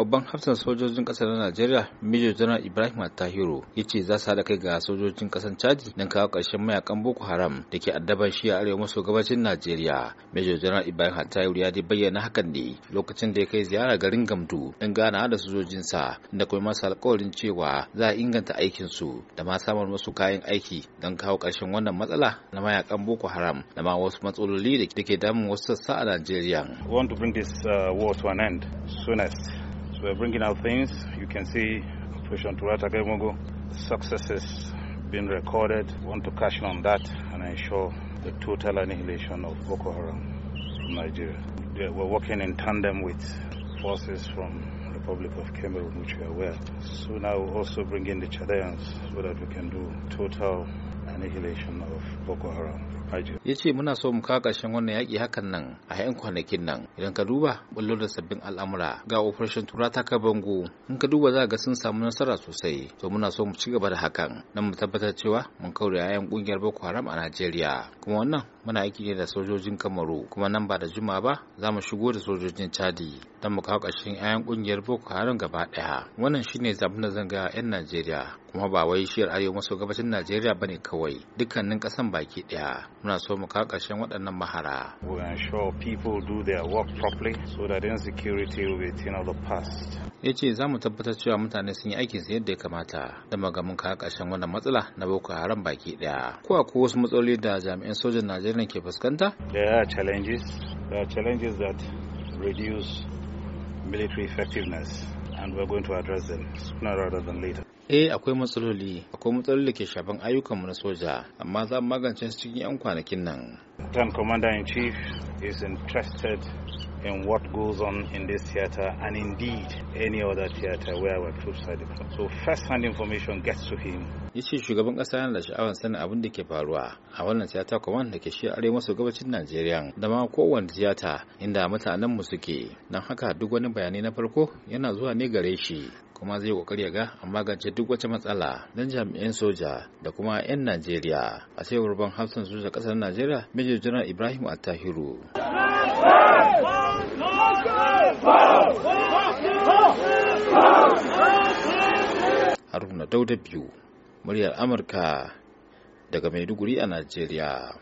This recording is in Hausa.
babban hafsan sojojin kasar najeriya major general ibrahim tahiru ya ce za su haɗa kai ga sojojin kasar chadi don kawo ƙarshen mayakan boko haram da ke addaban shi a arewa maso gabacin najeriya major general ibrahim tahiru ya dai bayyana hakan ne lokacin da ya kai ziyara garin gamdu don gana da sa da kuma masa alkawarin cewa za a inganta aikin su da ma samar musu kayan aiki don kawo ƙarshen wannan matsala na mayakan boko haram da ma wasu matsaloli da ke damun wasu sassa a najeriya want to bring this uh, war to an end soonest we're uh, bringing out things. You can see Operation Turata successes being recorded. We want to cash in on that and ensure the total annihilation of Boko Haram from Nigeria. We're working in tandem with forces from the Republic of Cameroon, which we are aware. now we're also bringing in the Chadians so that we can do total annihilation of Boko Haram. ya ce muna so mu kawo ƙarshen wannan yaƙi hakan nan a yan kwanakin nan idan ka duba bullo da sabbin al'amura ga operation tura ta ka bango in ka duba za ga sun samu nasara sosai to muna so mu ci gaba da hakan nan mu tabbatar cewa mun kaure yayan ƙungiyar boko haram a najeriya kuma wannan muna aiki ne da sojojin kamaru kuma nan ba da juma ba za mu shigo da sojojin chadi don mu kawo ƙarshen yayan ƙungiyar boko haram gaba ɗaya wannan shine zamu da zanga 'yan najeriya kuma ba wai shiyar arewa maso gabashin Najeriya bane kawai dukkanin kasan baki daya muna so mu kawo karshen waɗannan mahara. We ensure people do their work properly so that insecurity will be the past. Ya ce za mu tabbatar cewa mutane sun yi aikin su yadda ya kamata da magamin kawo karshen wannan matsala na Boko Haram baki daya. Ko akwai wasu matsaloli da jami'an sojan Najeriya ke fuskanta? There are challenges. There are challenges that reduce military effectiveness and we're going to address them sooner rather than later. Eh akwai matsaloli, akwai matsaloli da ke shafan ayyukanmu na soja, amma za mu magance su cikin 'yan kwanakin nan. tan Commander in Chief is interested in what goes on in this theater and indeed any other theater where our troops are deployed. So first-hand information gets to him. yace shugaban kasa yana da sha'awar sanin abin da ke faruwa a wannan theater command da ke shi arewa maso gabacin Najeriya da ma kowane tiyata inda mutanen mu suke. dan haka duk wani bayani na farko yana zuwa ne gare shi. kuma zai kokari ga a magance duk wata matsala don jami'an soja da kuma 'yan najeriya a cewar ban hafsan soja kasar najeriya major general ibrahim attahiru haruna dauda biyu muryar amurka daga maiduguri a najeriya